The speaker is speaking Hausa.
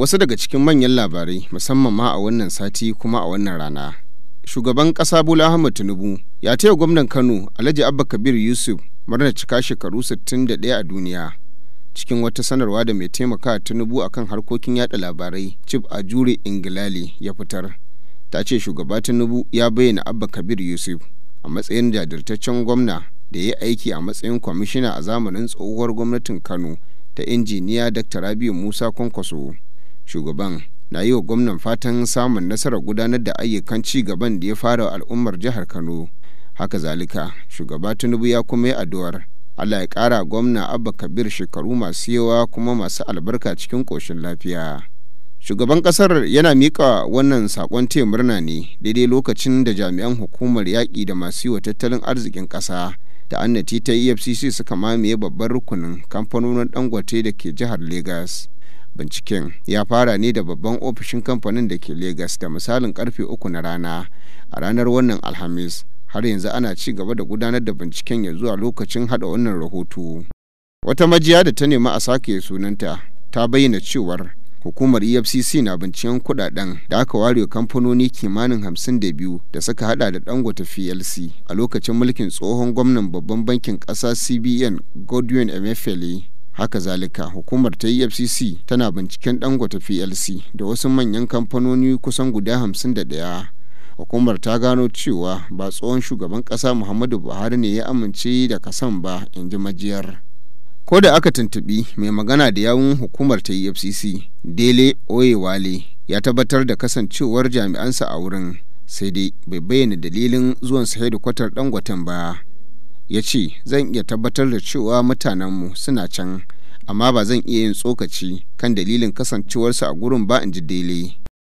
wasu daga cikin manyan labarai musamman ma a wannan sati kuma a wannan rana shugaban ƙasa Bula ahmad tinubu ya taya gwamnan kano alhaji abba kabir yusuf murnar cika shekaru 61 a duniya cikin wata sanarwa da mai taimaka tinubu akan harkokin yada labarai cif a jure ingilali ya fitar ta ce shugaba tinubu ya bayyana abba kabir yusuf a matsayin jajirtaccen gwamna da ya aiki a matsayin kwamishina a zamanin tsohuwar gwamnatin kano ta injiniya dr rabiu musa kwankwaso shugaban na yi wa gwamnan fatan samun nasarar gudanar da ayyukan ci gaban da ya fara al'ummar jihar kano haka zalika shugaba tinubu ya kuma yi addu'ar allah ya kara gwamna abba kabir shekaru masu yawa kuma masu albarka cikin ƙoshin lafiya shugaban kasar yana miƙa wannan sakon taya murna ne daidai lokacin da jami'an hukumar yaƙi da masu yi wa tattalin arzikin ƙasa da annati ta efcc suka mamaye babban rukunin kamfanonin dangote da ke jihar lagos binciken ya fara ne da babban ofishin kamfanin da ke Legas da misalin karfe uku na rana a ranar wannan Alhamis har yanzu ana ci gaba da gudanar da binciken ya zuwa lokacin hada wannan rahoto. Wata majiya da ta nemi a sake sunanta ta bayyana cewar hukumar efcc na binciken kudaden da aka ware kamfanoni kimanin 52 da suka hada da dangote plc a lokacin mulkin tsohon gwamnan babban bankin kasa cbn godwin emefiele haka zalika hukumar ta efcc tana binciken dangote plc da wasu manyan kamfanoni kusan guda hamsin da daya hukumar ta gano cewa ba tsohon shugaban kasa muhammadu buhari ne ya amince da kasan ba in ji majiyar ko da aka tuntubi mai magana da yawun hukumar ta efcc dele oyewale ya tabbatar da kasancewar jami'ansa a wurin sai dai bai bayyana dalilin zuwan sa kwatar dangoton ba ya ce zan iya tabbatar da cewa mutanenmu suna can amma ba zan iya yin tsokaci kan dalilin kasancewarsu a gurin ba in ji dele